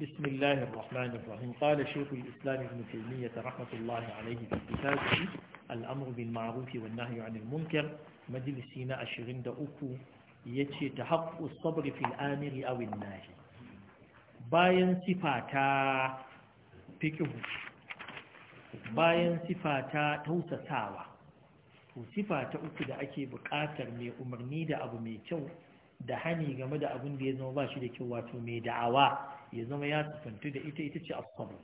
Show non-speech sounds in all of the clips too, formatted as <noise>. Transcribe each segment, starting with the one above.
بسم الله الرحمن الرحيم قال شيخ الإسلام ابن تيمية رحمة الله عليه في كتابه الأمر بالمعروف والنهي عن المنكر مجلسنا أشرين دأكو يتشي تحق الصبر في الآمر أو الناهي باين صفاتا فكه باين صفاتا توسى ساوى صفاتا أكو دا أكي بقاتر مي أمرني دا أبو مي كو da hani game da abin da ya zama ba shi da kyau wato mai da'awa ya zama ya tufantu da ita ita ce asabu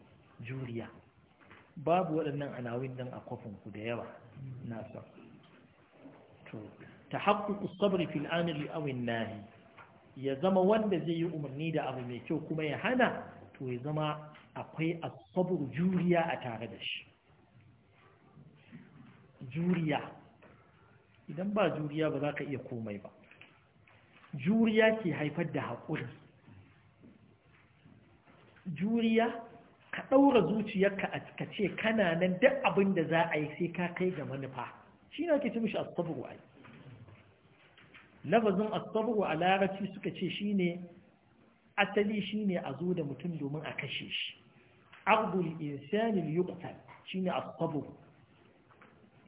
juriya babu waɗannan anawin dan a kwafin ku da yawa na san to ta haƙƙu sabr fil amiri awin nahi ya zama wanda zai yi umarni da abu mai kyau kuma ya hana to ya zama akwai as juriya a tare da shi juriya idan ba juriya ba za ka iya komai ba juriya ke haifar da haƙuri juriya ka ɗaura zuciyarka a ka ce kana nan duk abin da za a yi sai ka kai ga manufa shi ne ake ci mishi asabu yi lafazin asabu a larabci suka ce shi ne asali shi ne a zo da mutum domin a kashe shi arbul insanin yukutan shi ne asabu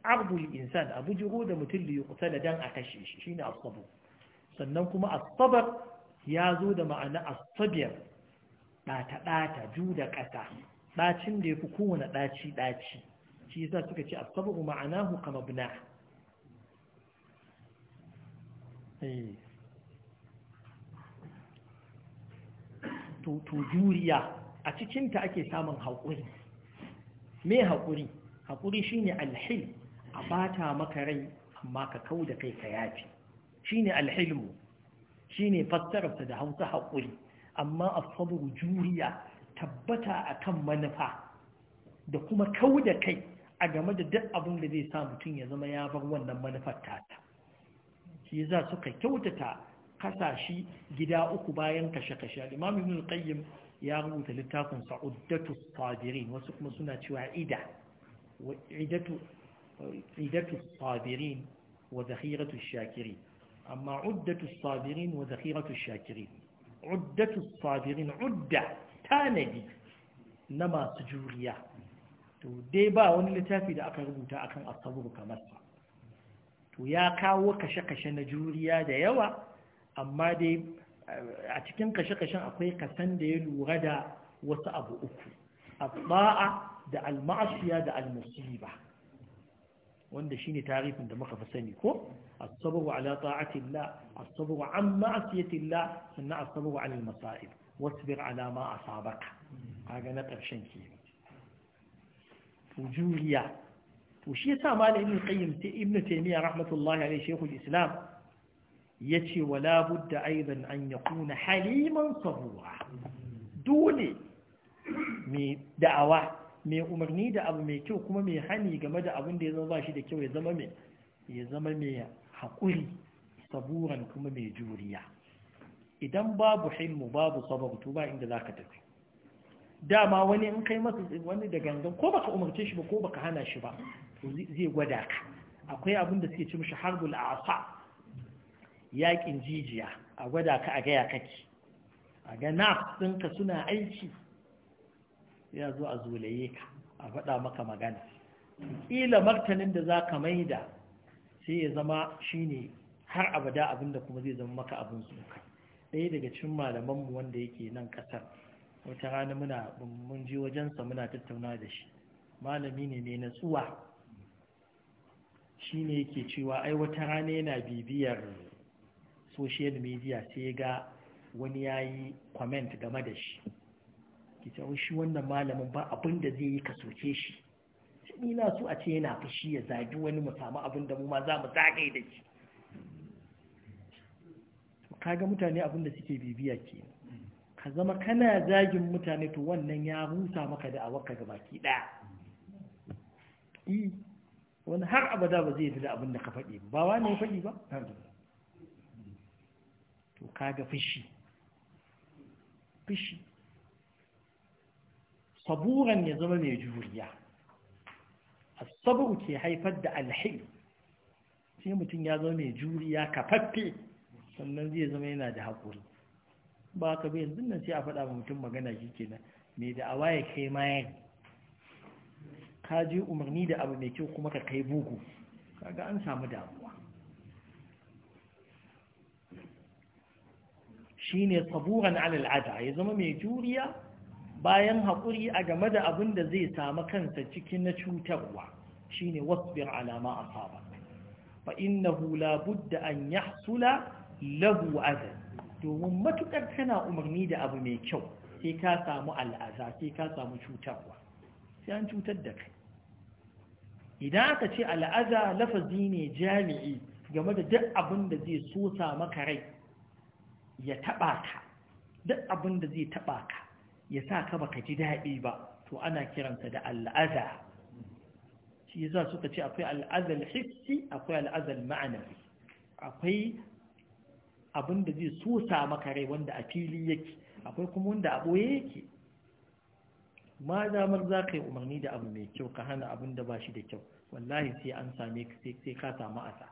arbul insan a bujiro da mutum da da dan a kashe shi shi ne asabu sannan kuma asabar ya zo da ma'ana asabiyar ɗata ɗata ju da ƙasa ɗacin da ya fi kowane ɗaci ɗaci shi yasa suka ce asabu ma'anahu kama bina eh. to juriya a cikinta ake samun haƙuri me haƙuri haƙuri shine alhil a bata maka rai amma ka kau da kai ka yafi shine alhilmu shine fassararsa da hausa haƙuri amma a sabru juriya tabbata akan manufa da kuma kau da kai a game da duk abin da zai sa mutum ya zama ya bar wannan manufar tata shi yasa suka kyautata kasashe gida uku bayan kashe-kashe Imam Ibn Qayyim ya rubuta littafin Sa'udatu Sabirin wasu kuma suna cewa Ida Idatu Idatu Sabirin wa Zakhiratu Shakirin amma Uddatu Sabirin wa Zakhiratu Shakirin uddatu sabirin udda tanadi na masu juriya to dai ba wani littafi da aka rubuta akan asabur kamar sa to ya kawo kashe-kashe na juriya da yawa amma dai a cikin kashe-kashen akwai kasan da ya lura da wasu abu uku abba'a da almasiya da almusiba wanda shine tarifin da muka fi sani ko as-sabru ala ta'atillah as-sabru an ma'siyatillah sannan wa sabru Masa'il, wasu masaib alama a ma A kaga na karshen ke fujuriya to shi yasa malamin qayyim ta ibnu taymiya rahmatullahi alayhi shaykhul islam yace wala budda aidan an yakuna haliman sabura dole mai da'awa mai umarni da abu mai kyau kuma mai hani game da abin da ya zama ba shi da kyau ya zama mai ya zama mai haƙuri saburan kuma mai juriya idan babu hilmu babu sabar to ba inda zaka tafi dama wani in kai masa wani da gangan ko baka umarce shi ba ko baka hana shi ba to zai gwada ka akwai abin da suke ci mishi harbul asa yakin jijiya a gwada ka a gaya kake a ga ka suna aiki ya zo a zolaye ka a faɗa maka magana ƙila martanin da za ka maida sai ya zama shine har abada abinda kuma zai zama maka abin suka ɗaya daga cikin malamanmu wanda yake nan ƙasar wata rana muna mun je wajensa muna tattauna da shi malami ne mai natsuwa ne yake cewa ai wata rana yana bibiyar social media sai ga wani ya yi comment game da shi ki ce shi wannan malamin ba abin da zai yi ka soke shi ni na so a ce yana fushi ya zagi wani mu samu abin da mu ma za mu zagaye da shi kaga mutane abin da suke bibiya ke ka zama kana zagin mutane to wannan ya rusa maka da awaka ga baki daya wani har abada ba zai da abin da ka faɗi ba wani ya faɗi ba to kaga fushi fushi saburan ya zama mai juriya asabu ke haifar da alhil sai mutum ya zama mai juriya kafaffe sannan zai zama yana da haƙuri ba ka bai yanzu nan sai a faɗa wa mutum magana shi kenan mai da awa ya kai mayan ka je umarni da abu mai kyau kuma ka kai bugu kaga an samu damuwa ne saburan alal ya zama mai juriya bayan haƙuri a game da abin da zai samu kansa cikin na cutarwa shine wasbir alama asaba fa innahu hula budda an yahsula lahu adab domin matuƙar kana umarni da abu mai kyau sai ka samu al'aza sai ka samu cutarwa sai an cutar da kai idan aka ce al'aza lafazi ne jami'i game da duk abin da zai sosa maka rai ya taɓa ka duk abin da zai taɓa ka ya sa ka baka ji daɗi ba to ana kiransa da al'aza shi yasa suka ce akwai al'azal hissi akwai al'azal ma'anawi akwai abin da zai sosa maka rai wanda a fili yake akwai kuma wanda a ɓoye yake ma damar za ka yi umarni da abu mai kyau ka hana abin da ba shi da kyau wallahi sai an same ka sai ka samu asa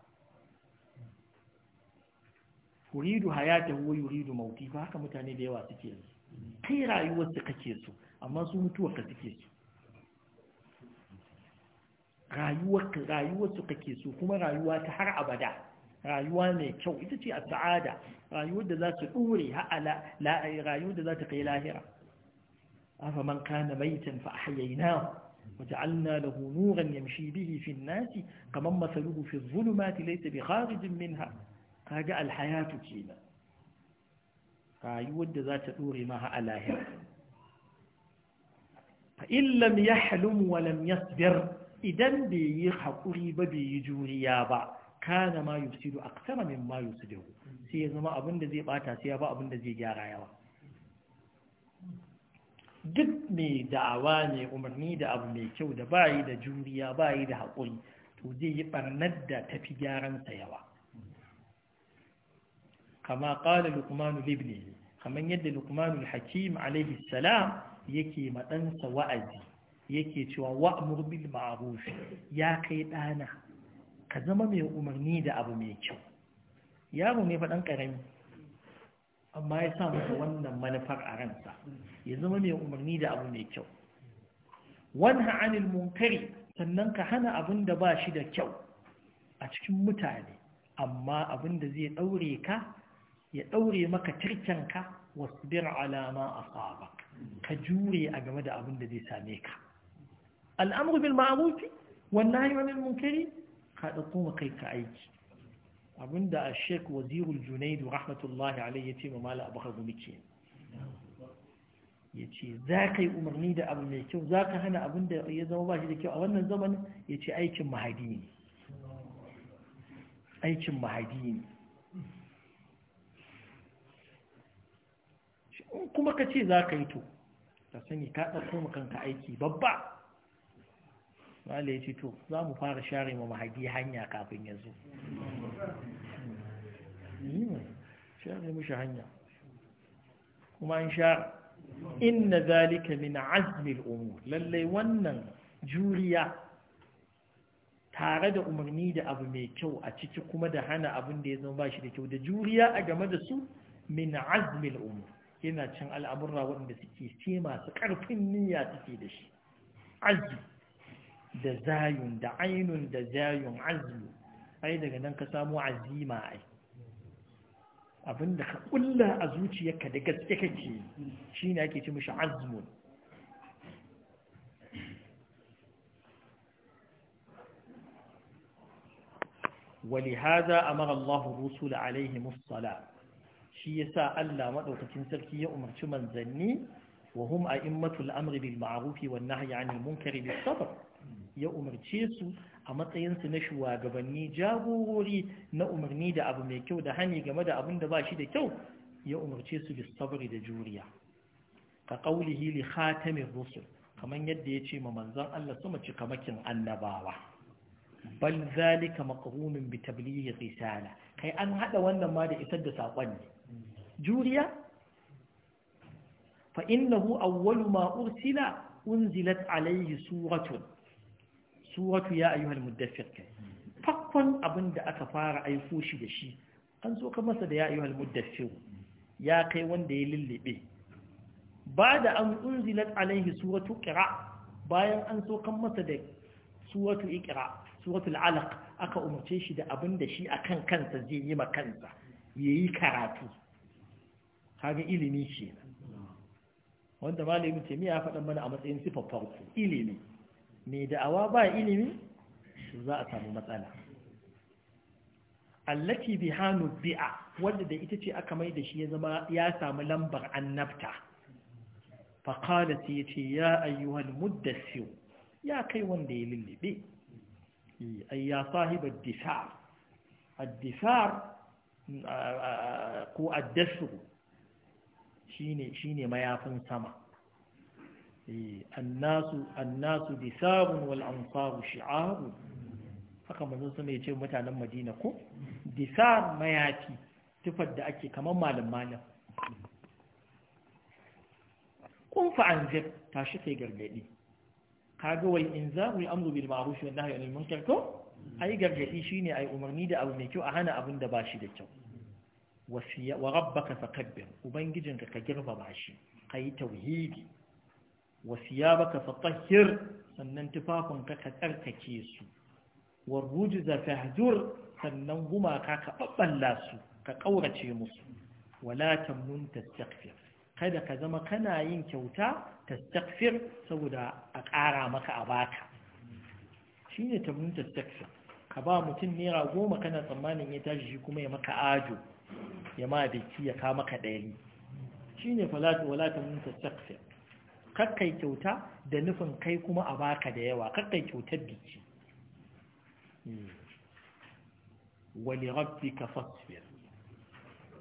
yuridu hayatahu wa yuridu mauti ba haka mutane da yawa suke yanzu kai rayuwar su kake amma su mutuwar ka suke so rayuwar su kake so kuma rayuwa ta har abada rayuwa mai kyau ita ce a sa'ada rayuwar da za su dore ha'ala rayuwar da za ta kai lahira afa man kana maitan fa ahyaynahu وجعلنا له نورا يمشي به masaluhu الناس كمن مثله في الظلمات ليس بخارج منها هذا الحياة كينا rayuwar da za ta ɗore maha a lahira in lam yahlum wa lam yasbir idan bai yi haƙuri ba bai yi juriya ba kana ma a aktara min ma yufsidu sai ya zama abin da zai bata sai ya ba abin da zai gyara yawa duk mai da'awa ne umarni da abu mai kyau da bayi da juriya bayi da haƙuri to zai yi barnar da tafi gyaran sa yawa kama qala luqman ibn kamar yadda lukmanul hakim alaihi salam yake maɗansa wa'azi yake cewa wa'amur bil ma'ruf ya kai ɗana ka zama mai umarni da abu mai kyau yaro ne faɗan ƙarami amma ya sa masa wannan manufar a ransa ya zama mai umarni da abu mai kyau wanha anil munkari sannan ka hana abin da ba shi da kyau a cikin mutane amma abin da zai ɗaure ka ya ɗaure maka tirkenka wasbir alama a asabak ka jure a game da abin da zai same ka al'amru bil ma'rufi wan nahyi anil munkari ka dauko kai ka aiki abinda a sheik wazirul junaidu rahmatullahi alai ya ce ma mala abu harbu muke ya ce za ka yi umarni da abu mai kyau za ka hana abin da ya zama ba shi da kyau a wannan zaman ya ce aikin mahadi ne aikin mahadi ne kuma ka ce za ka yi to ka sani ka ɗauko kanka aiki babba wale ya ce to za mu fara share ma mahagi hanya kafin ya zo share mushi hanya kuma an share inna zalika min azmil umur lallai wannan juriya tare da umarni da abu mai kyau a ciki kuma da hana abin da ya zama ba shi da kyau da juriya a game da su min azmil umur yana cin al'amurra waɗanda suke ce masu ƙarfin niyya suke da shi azzi da zayun da ainun da zayun azzi ai daga nan ka samu azima ai abinda ka kulla a zuciyarka da gaske kake shine ake ci mishi azmun ولهذا أمر الله الرسل عليهم الصلاة shi yasa Allah maɗaukacin sarki ya umarci manzanni wa hum a'immatul amri bil ma'arufi wan nahyi 'anil munkari bis sabr ya umarce su a matsayin su na shugabanni jagorori na umarni da abu mai kyau da hani game da abin da ba shi da kyau ya umarce su bis sabri da juriya ka qawlihi li khatamir rusul kaman yadda yace ma manzon Allah su mace kamakin annabawa bal zalika maqrumun bi tablighi risala kai an hada wannan ma da isar da sakon ne juriya fa innahu awwalu ma ursila unzilat alayhi suratun suratu ya ayyuhal muddathir kai fakkon abin da aka fara aiko shi da shi an zo ka masa da ya ayyuhal muddathir ya kai wanda ya lullube ba da an unzilat Alayhi suratu qira bayan an so kan masa da suratu iqra suratul alaq aka umarce shi da abin da shi akan kansa zai yi ma kansa yayi karatu kaga ilimi ce wanda malamin ce ya faɗa mana a matsayin sifar farko ilimi mai da'awa ba ilimi za a samu matsala allati biha bi'a, wanda da ita ce aka mai da shi ya zama ya samu lambar annabta fa qalat yace ya ayyuhal muddassir ya kai wanda ya lullube eh, ay ya sahib ad-disar disar ko ad shine shine mayafin sama eh, annasu annasu disabun wal ansaru shi'abu haka manzo mai ce mutanen Madina ko disab mayafi tufar da ake kamar malam malam kun fa anzir tashi kai gargadi kaga mu yi amru bil ma'ruf wa nahyi anil munkar ko ai gargadi shine ai umarni da abu mai kyau a hana abin da shi da kyau wa rabbaka fakabbir ubangijinka ka girmama shi Kai tauhidi wa siyabaka fatahhir sannan tufafinka ka tsarkake su wa rujza fahjur sannan gumaka ka babballa su ka kaurace musu wala tamnun tastaghfir kada ka zama kana yin kyauta tastaghfir saboda a ƙara maka a baka shine tamnun tastaghfir ka ba mutum naira goma kana tsammanin ya tashi shi kuma ya maka ajo ya ma biki ya kama ka ɗari shi ne Wala walatan minta sakfir kakkai kyauta da nufin kai kuma a baka da yawa kakkai kyautar biki hmm. wali rabbi ka fasfir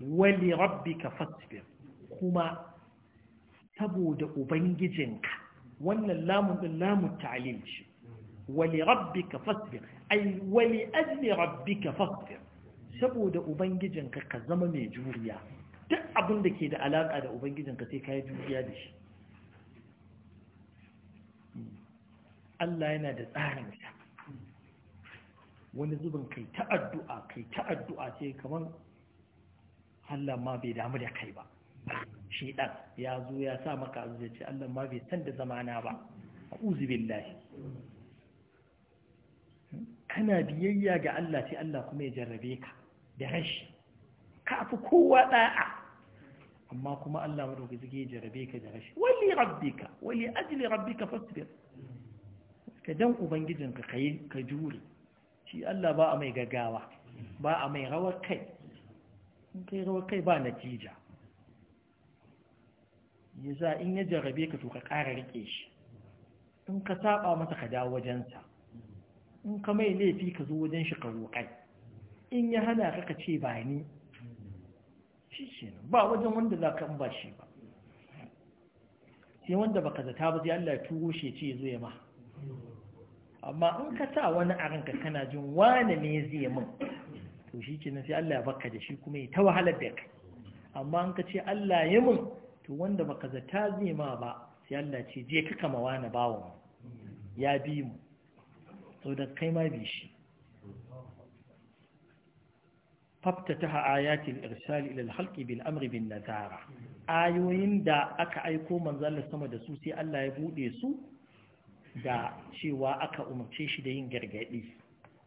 wali rabbi ka fasfir kuma saboda ubangijinka wannan lamun din lamun ta'alil ce wali rabbi ka fasfir ai wali ajli rabbi ka fasfir saboda ubangijinka ka zama mai juriya duk abin da ke da alaƙa da ubangijinka sai ka yi juriya da shi Allah yana da tsarin sa wani zubin kai ta addu'a kai ta addu'a sai kamar Allah ma bai damu da kai ba shi ɗan ya zo ya sa maka azu ce Allah ma bai san da zamana ba a billahi. kana biyayya ga Allah sai Allah kuma ya jarrabe ka da rashi ka fi kowa ɗa'a. amma kuma Allah madauki zige jarabe ka da rashi wali rabbika wali ajli rabbika fasbir ka dan ubangijinka kai ka jure shi Allah ba a mai gaggawa ba a mai rawar kai in kai rawar kai ba natija ya in ya jarabe ka to ka ƙara rike shi in ka saba masa ka dawo wajensa in ka mai laifi ka zo wajen shi ka roƙai in ya hana ka ka ce ba ni shi ba wajen wanda za ka ba shi ba sai wanda ka zata ba sai Allah ya tuwo shi ce zai ma amma in ka sa wani a ranka kana jin wane ne zai min to shi sai Allah ya baka da shi kuma ya ta wahalar da ka amma in ka ce Allah ya mun to wanda baka zata zai ma ba sai Allah ce je ka kama bawa bawon ya bi mu sau da kai ma bi shi فافتتح آيات الإرسال إلى الخلق بالأمر بالنذارة آيوين دا أكا أيكو من ظل السماء دا سوسي ألا يبودي سو دا شوا أكا أمرتيش دين جرجالي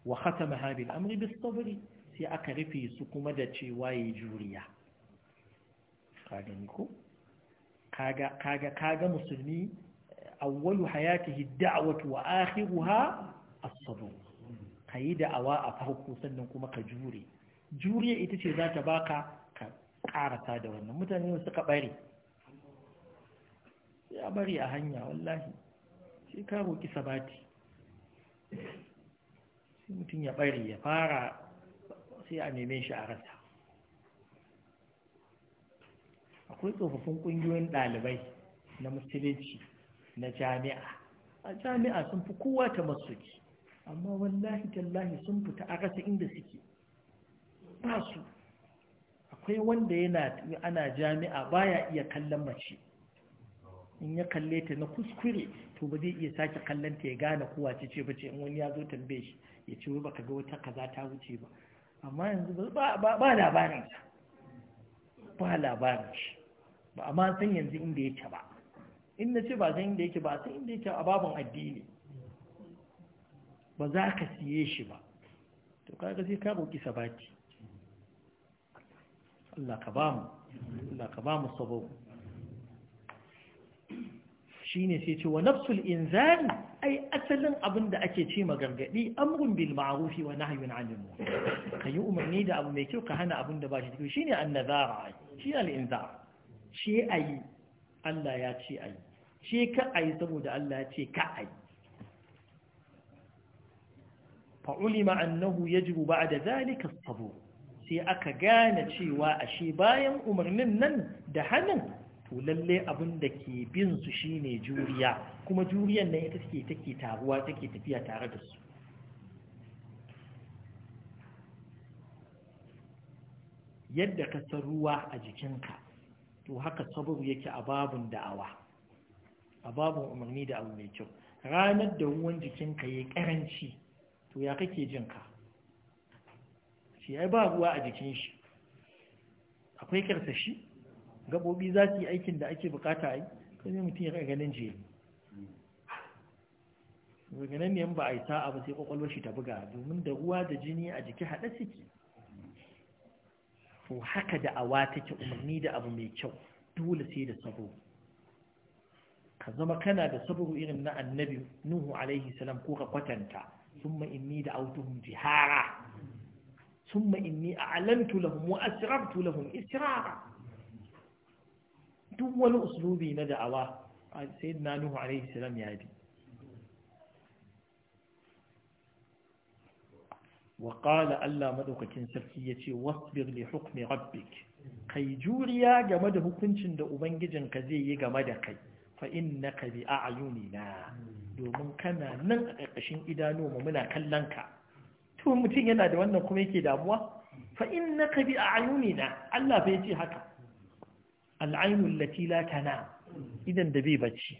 وختمها بالأمر بالصبر سي أكا رفي سكومة دا شواي جوريا قاقا نيكو قاقا قاقا قاقا مسلمي أول حياته الدعوة وآخرها الصبر قيد أواء فهو سنن كما كجوري juriya ita ce za ta baka ka karata da wannan mutane suka bari ya bari a hanya wallahi sai ka roƙi sabati sai mutum ya bari ya fara sai a neme shi a rasa akwai tsofaffin ƙungiyoyin ɗalibai na musulunci na jami'a a jami'a sun fi kowa ta masuki amma wallahi tallahi sun fita a rasa inda suke ba su akwai wanda yana ana jami'a baya iya kallon mace in ya kalle ta na kuskure to ba zai iya sake kallon ta ya gane kowa ce ce bace in wani ya zo tambaye shi ya ce wai baka ga wata kaza ta wuce ba amma yanzu ba labarin sa ba labarin shi ba amma san yanzu inda yake ba in na ce ba san inda yake ba san inda yake a babun addini ba za ka siye shi ba to kaga sai ka roki sabati Allah ka ba mu Allah ka ba mu Shi ne sai ce wa nafsul inzari ai asalin abin da ake ce ma gargadi amrun bil ma'ruf wa nahyun 'anil munkar yi umarni da abu mai kyau ka hana abin da ba shi kyau shine annazara shine al-inzar shi ayi Allah ya ce ayi shi ka ayi saboda Allah ya ce ka ayi فعلم أنه يجب بعد ذلك الصبور sai aka gane cewa ashe bayan umarnin nan da hannun to lalle abin da ke bin su shine juriya kuma juriyan nan ita take take taruwa take tafiya tare da su yadda ka san ruwa a jikinka to haka sababu yake a babun da'awa a babun umarni da abu mai kyau ranar da ruwan jikinka ya karanci to ya kake jinka shi ya ba ruwa a jikin shi akwai karsashi gabobi za su yi aikin da ake bukata a yi kan mutum ya ganin jeli daga nan ba a yi sa'a ba sai kwakwalwar shi ta buga domin da ruwa da jini a jiki haɗa suke to haka da awa take umarni da abu mai kyau dole sai da sabo ka zama kana da sabo irin na annabi nuhu alaihi salam ko ka kwatanta summa inni da autuhum jihara ثم إني أعلنت لهم وأسررت لهم إسرارا دول أسلوبي ندعوا سيدنا نوح عليه السلام يهدي وقال ألا مدوكك سركية واصبر لحكم ربك كي جوريا جمد هكونشن دو أبنجن كزي جمد كي فإنك بأعيننا دومن كنا ننقشن إدانو ممنا كلنك to mutum yana da wannan kuma yake damuwa fa inna innaka bi a'yunina Allah fa ce haka al'aynu allati la tana idan da bai bacci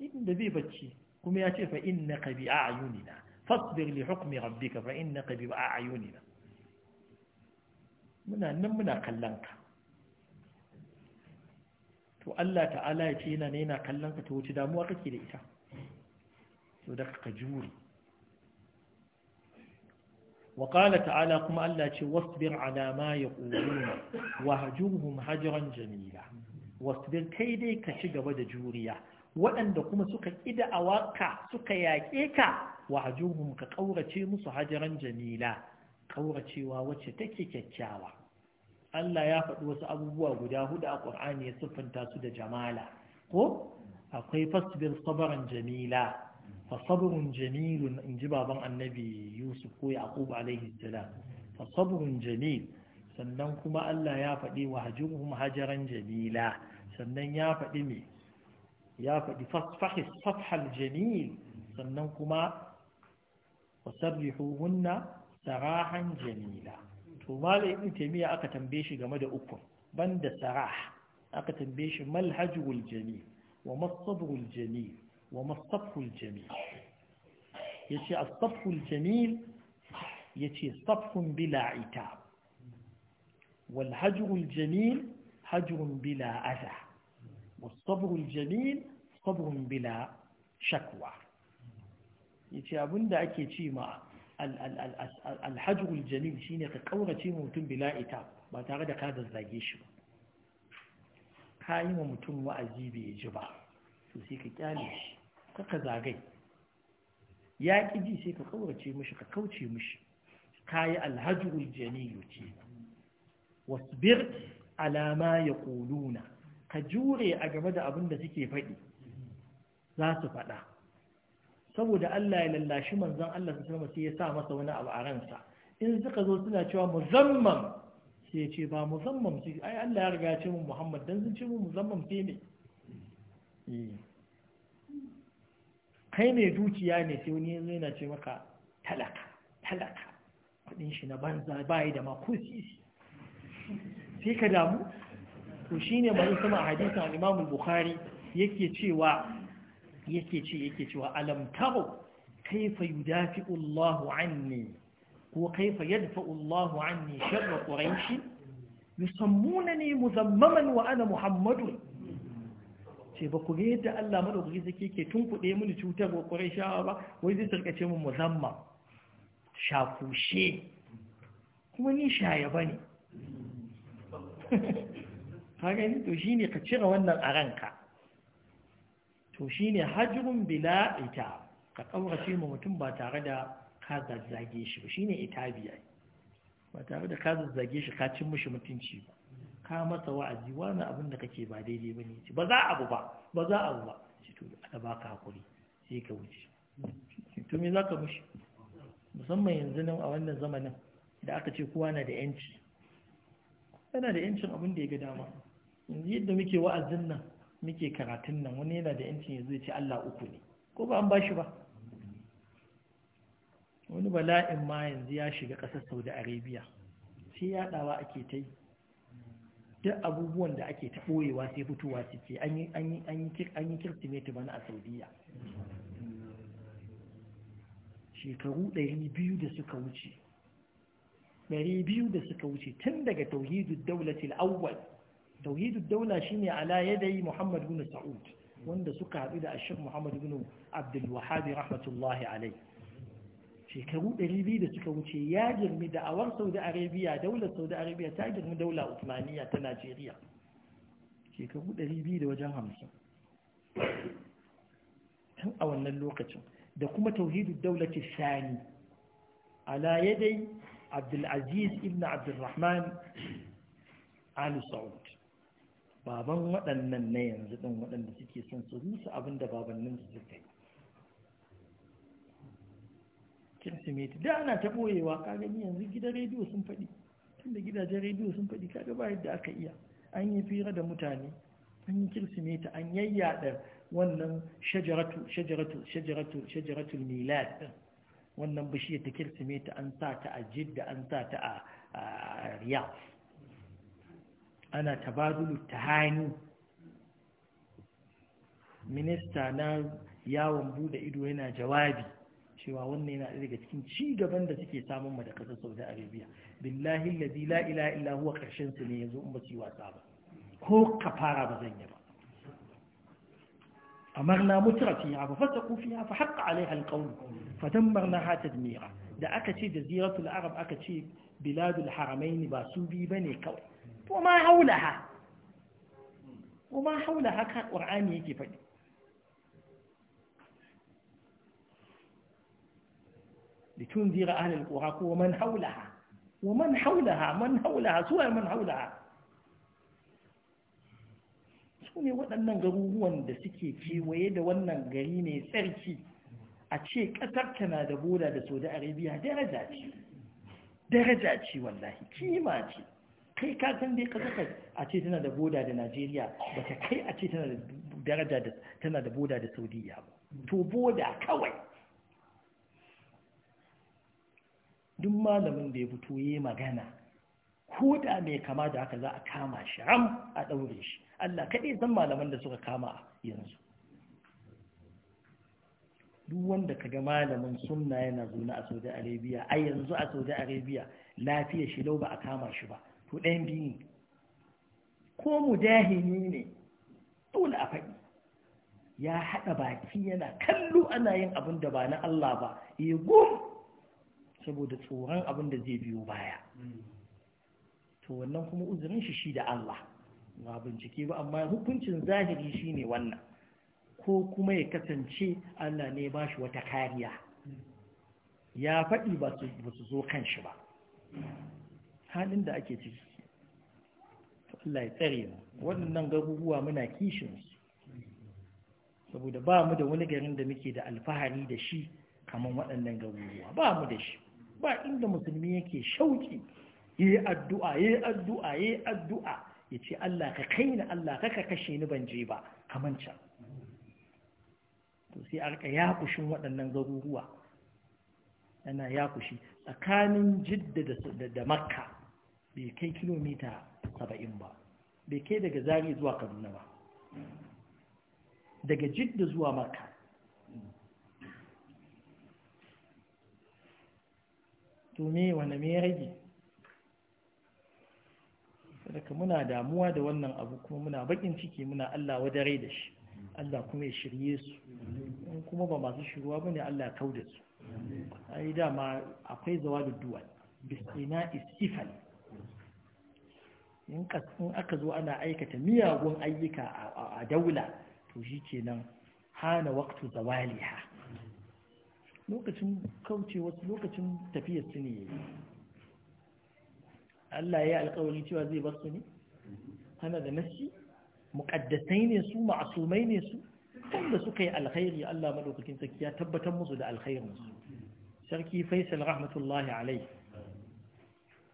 idan da bai bacci kuma yace fa innaka bi a'yunina fasbir li hukmi rabbika fa innaka bi a'yunina muna nan muna kallon ka to Allah ta'ala ya ce yana ne yana kallon ka ta wuce damuwa kake da ita to da ka jure waƙala ta'ala kuma Allah ce wasbir alama ya ƙuruna wa hajjuhun hajjiran jami'a wasbir kai dai ka ci gaba da juriya waɗanda kuma suka ƙida a waka suka yaƙe ka wa hajjuhun ka ƙaurace musu hajjiran Jamila. ƙauracewa wacce take kyakkyawa Allah ya faɗi wasu abubuwa guda hudu a ƙur'ani ya siffanta su da jamala ko akwai fasbir sabaran Jamila. fa Jamilu jamilun in ji baban annabi yusuf ko yaqub alaihi salam fa sabrun jamil sannan kuma Allah ya faɗi wa hajjuhum hajaran jamila sannan ya faɗi me ya sannan kuma wasarrihuhunna sarahan jamila to malai ibn aka tambaye shi game da uku banda sarah aka tambaye shi mal hajjul wa masadrul jamil wa mastaful jamil yace astaful jamil yace safun bila ita wal jamil hajrun bila adha wasabrul jamil sabrun bila shakwa yace abinda ake ce ma alhajrul jamil shine ka kaurace mutum bila ita ba tare da ka zazzage shi ba ka yi wa mutum wa'azi bai ji ba to sai ka kyale shi kaka zagai ya ƙi ji sai ka kaurace mishi ka kauce mishi ka yi alhajjul janiyu ce wasbir alama ya ƙuluna ka jure a game da abin da suke faɗi za su faɗa saboda Allah ya lallashi manzon Allah su sama sai ya sa masa wani abu a ransa in suka zo suna cewa muzamman sai ya ce ba muzamman sai ai Allah ya riga ya ce mu Muhammad dan sun ce mu muzamman sai kai mai dukiya ne sai wani yanzu yana ce maka talaka talaka kudin shi na banza bayi da makosi sai ka damu to shine mai sama hadisin al-Imam Bukhari yake cewa yake ce yake cewa alam tabu kaifa yudafi'u Allahu anni ko kaifa yadfa'u Allahu anni sharra quraish yusammuna muzammaman wa ana muhammadun ce ba ku ga yadda Allah madaukaki sake ke tunkuɗe mini cutar wa shawa ba wai zai tarkace mu musamman shafushe kuma ni shaya ne. <laughs> Ka gani to shine ka cire wannan a ranka to shine hajrun bila ita ka kaurace mu mutum ba tare da ka zazzage shi ba shine itabiya ba tare da ka zazzage shi ka cin mushi mutunci ba ka masa wa'azi wani abin da kake ba daidai ba ne ba za abu ba ba za abu ba shi to ana baka hakuri sai ka wuce to me za ka mushi musamman yanzu nan a wannan zamanin da aka ce kowa na da yanci yana da yancin abin da ya ga dama yanzu yadda muke wa'azin nan muke karatun nan wani yana da yancin yanzu ya ce Allah uku ne ko ba an ba shi ba wani bala'in ma yanzu ya shiga ƙasar saudi arabia sai yaɗawa ake ta yi duk abubuwan da ake ta ɓoyewa sai fitowa suke an yi kirsimeti bana a saudiya shekaru 200 da suka wuce 200 da suka wuce tun daga tauhidul daulatil awwal tauhidul daula shine ala yadayi muhammad bin sa'ud wanda suka haɗu da ashir muhammad bin abdul rahmatullahi alayhi shekaru 200 da suka wuce ya girmi da'awar saudi arabia daular saudi arabia ta girmi daular Usmaniyya ta najeriya shekaru 200 da wajen hamsin tun a wannan lokacin da kuma Tauhidu daulatin sani ala yadai abdulaziz ibn abdulrahman ali saud baban waɗannan na yanzu ɗin waɗanda suke son su rusa abinda babanninsu suka yi kirsimeti da ana ta boyewa kaga gani yanzu gidan rediyo sun faɗi tunda gidajen rediyo sun faɗi kaga ba yadda aka iya an yi fira da mutane an yi kirsimeti an yayyada wannan shajaratu shajaratu shajaratu shajaratu milad din wannan bishiyar ta kirsimeti an sa ta a jidda an sa ta a riyaf ana tabadulu hani minista na yawon bude ido yana jawabi cewa wannan yana daga cikin ci gaban da suke samun mu da kasar Saudi Arabia billahi allazi la ilaha illa huwa karshen su ne yanzu in ba su yi wasa ba ko kafara ba zan yi ba amarna mutra fiha fa fasaku fiha fa haqqa alaiha alqawl fa damarnaha tadmira da aka ce jaziratul arab aka ce biladul haramain ba su bi bane kawai to haulaha وما حولها كان قرآن يكي faɗi. litunzira ahlal qura ko man haulaha wa man haulaha man suwa man su ne waɗannan garuruwan da suke kewaye da wannan gari ne tsarki a ce ƙasar na da boda da saudi arabia daraja ce daraja ce wallahi kima ce kai ka san dai ƙasar a ce tana da boda da najeriya ba ta kai a ce tana da daraja tana da boda da saudiya ba to boda kawai duk malamin da ya fito yi magana ko da mai kama da haka za a kama shi ram a ɗaure shi Allah kaɗai zan malaman da suka kama yanzu duk wanda ka ga malamin sunna yana zuna a saudi arabia a yanzu a saudi arabia lafiya shi lau ba a kama shi ba to ɗayan biyu ne ko mujahini ne dole a faɗi ya haɗa baki yana kallo ana yin abin da ba na Allah ba ya gum saboda tsoron abin da zai biyo baya to wannan kuma uzurin shi shi da Allah ba bincike ba amma hukuncin zahiri shine wannan ko kuma ya kasance Allah ne ba shi wata kariya ya faɗi ba su zo kan shi ba halin da ake ciki Allah ya tsare mu waɗannan garuruwa muna kishin su saboda ba mu da wani garin da muke da alfahari da shi kamar waɗannan garuruwa ba mu da shi ba inda musulmi yake shauki yayi addu'a yayi addu'a yayi addu'a ya ce Allah ka kaina Allah ka ka kashe ni ban je ba kaman can to sai a rika yakushin waɗannan garuruwa ana yakushi tsakanin jidda da da makka bai kai kilomita 70 ba bai kai daga zari zuwa kaduna ba daga jidda zuwa makka to me me ya rage daga muna damuwa da wannan abu kuma muna bakin ciki muna Allah wadare da shi Allah kuma ya shirye su kuma ba masu shiruwa ba ne Allah kau da su ai dama akwai zawa da duwal bisina istifal in aka zo ana aikata miyagun ayyuka a daula to shi kenan hana waktu zawaliha lokacin kauce wasu lokacin tafiyar su ne Allah ya yi alkawari cewa zai bar su ne hana da nasi muƙaddasai ne su ma'asumai ne su wanda suka yi alkhairi Allah madaukakin sarki ya tabbatar musu da alkhairin su sarki Faisal rahmatullahi alai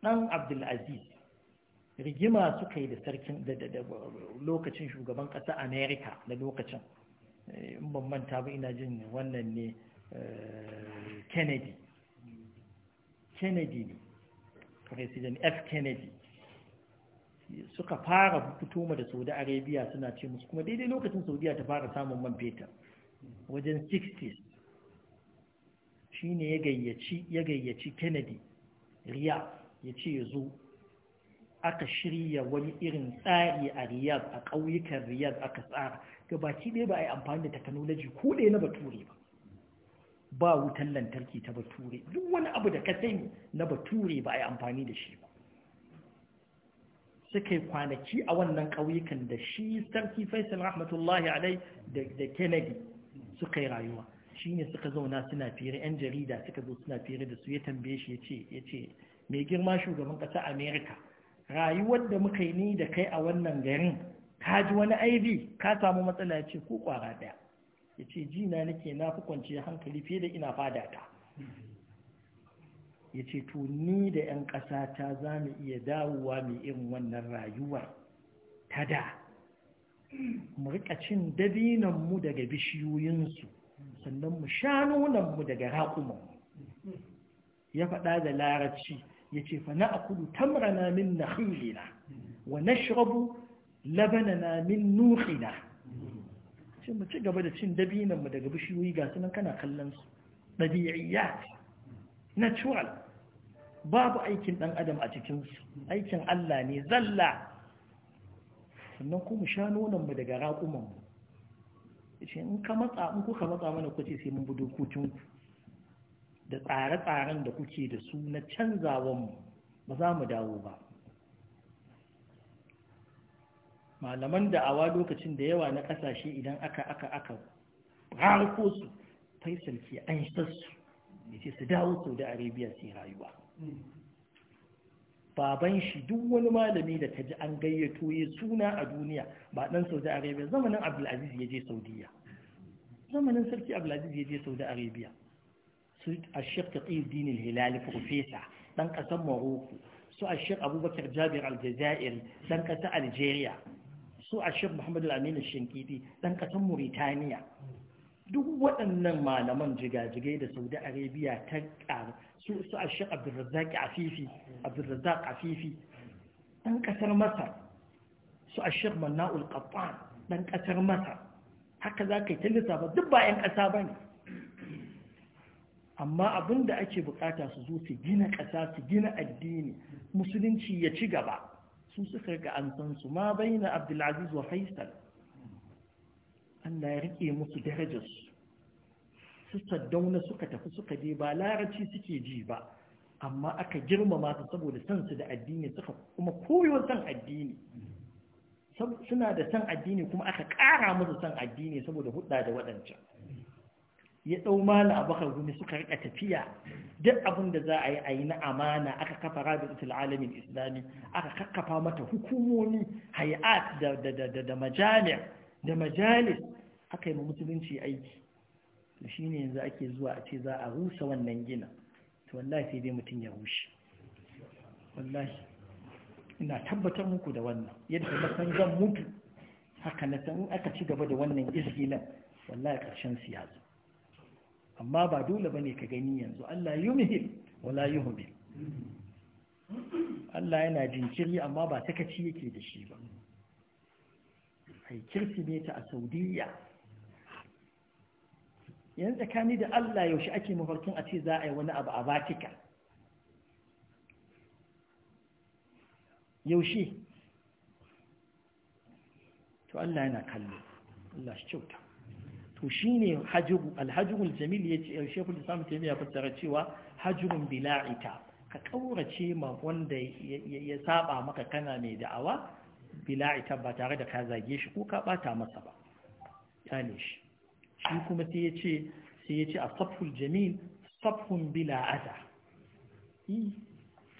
dan Abdul Aziz rigima suka yi da sarkin da lokacin shugaban ƙasa America da lokacin eh, in ban manta ba ina jin wannan ne Eh, kennedy kennedy ne president f kennedy suka fara fito da saudi arabia suna ce musu kuma daidai lokacin saudiya ta fara samun man fetur wajen 60s shine ya gayyaci kennedy riya ya ce ya zo aka shirya wani irin tsari a riyaz a ƙauyukan riyad aka tsara gabaki ne ba a yi amfani da technology ko ɗaya na bature ba ba wutan lantarki ta bature duk wani abu da ka sai na bature ba a yi amfani da shi ba suka yi kwanaki a wannan ƙauyukan da shi sarki faisal rahmatullahi alai da kennedy suka yi rayuwa shi ne suka zauna suna fere 'yan jarida suka zo suna fere da su ya tambaye shi ya ce mai girma shugaban ƙasa amerika rayuwar da muka yi ni da kai a wannan garin ka ji wani aibi ka samu matsala ce ko kwara ɗaya ya ce jina nake na fi kwanciyar hankali fiye da ina fada ta ya ce to ni da 'yan ƙasa ta za mu iya dawowa mai irin wannan rayuwar ta da mu rika cin dabinanmu daga bishiyoyinsu sannan mu sha nunanmu daga raƙumanmu ya faɗa da larabci ya ce fa na akudu tamrana min na wa na shirabu labanana min nuhina ce mu ci gaba da cin dabinan mu daga bishiyoyi ga sunan kana kallon su dabi'iyya natural babu aikin dan adam a cikin su aikin Allah ne zalla sannan kuma sha nonon mu daga raƙuman mu ce in ka matsa in kuka matsa mana ce sai mun bi ku. da tsare-tsaren da kuke da su na canzawan mu ba za mu dawo ba malaman da'awa lokacin da yawa na kasashe idan aka aka aka harko su faisal ke an sassu ya ce su dawo saudi arabiya su rayuwa baban shi duk wani malami da ta ji an gayyato ya suna a duniya ba dan saudi arabiya zamanin abdulaziz ya je saudiya zamanin sarki abdulaziz ya je saudi arabiya su a shirka taqiddin hilali profesa dan kasar morocco su a shirka abubakar jabir al ɗan dan algeria su a shek muhammadu aminu shinkidi ɗan ƙasar Mauritaniya. duk waɗannan malaman jigajigai da saudi arabia ta ƙara su a shek abdulrazak afifi afifi ɗan ƙasar masar su a shek manna'ul ɗan ƙasar masar haka za ka yi ta lissafa duk ba 'yan ƙasa ba ne amma abin da ake bukata su zo su gina ƙasa su gina addini musulunci ya ci gaba su suka ga an san su ma baina abdulaziz wa faisal Allah ya rike musu darajar su saddauna suka tafi suka je ba Laraci suke ji ba amma aka girmama su saboda san su da addini suka kuma koyo san addini suna da san addini kuma aka ƙara musu san addini saboda hudda da waɗancan ya ɗau mala bakar gumi suka rika tafiya duk abin da za a yi a yi na amana aka kafa rabitul alamin islami aka kakkafa mata hukumomi hay'at da majalis da majalis aka yi musulunci aiki to shine yanzu ake zuwa a ce za a rusa wannan gina to wallahi sai dai mutum ya rushe wallahi ina tabbatar muku da wannan yadda na san zan mutu haka na san aka ci gaba da wannan izgilan wallahi karshen siyasa amma ba dole bane ka gani yanzu Allah muhim wala yuhmil Allah yana jinkiri amma ba takaci yake da shi ba ai kirsimeta a Saudiya Yanzu tsakani da Allah yaushe ake mafarkin a ce za a yi wani abu a Vatican yaushe to Allah yana kallo Allah shi kyauta to shine hajru alhajrul jamil yace eh, Sheikh Islam Taymiyyah fassara cewa hajrun bila ita ka kaurace ma wanda ya saba maka kana mai da'awa bila ita ba tare da ka zage shi ko ka bata masa ba yani shi shi kuma sai yace sai yace asful jamil safhun bila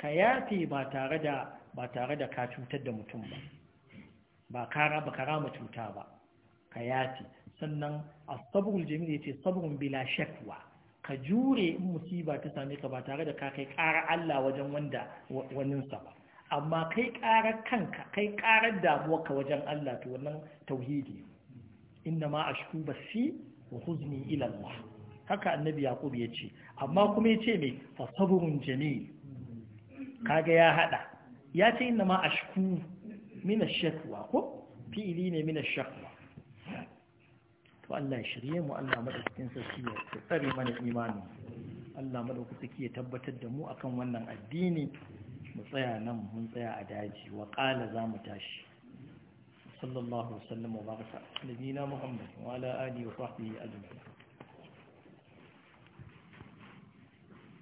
ka yafe ba tare da ba tare da ka cutar da mutum ba ba ka rama cuta ba ka yafe sannan a as-sabrul ya ce sabrun bila shakwa ka jure in musiba ta same ka ba tare da ka kai ƙara Allah wajen wanda wannan ba amma kai ƙara kanka kai damuwa ka wajen Allah to wannan tauhidi inna ma ashku basi wa huzni ila Allah haka annabi yaqub yace amma kuma yace me fa sabrun jamil kaga ya hada ya ce inna ma ashku min ash-shakwa ko fi'ili ne min ash-shakwa to Allah ya shirye mu Allah madaukakin sarki ya tsare mana imani Allah madaukakin ya tabbatar da mu akan wannan addini mu tsaya nan mun tsaya a daji wa qala za mu tashi sallallahu alaihi wasallam wa baraka nabiyina muhammad wa ala alihi wa sahbihi ajma'in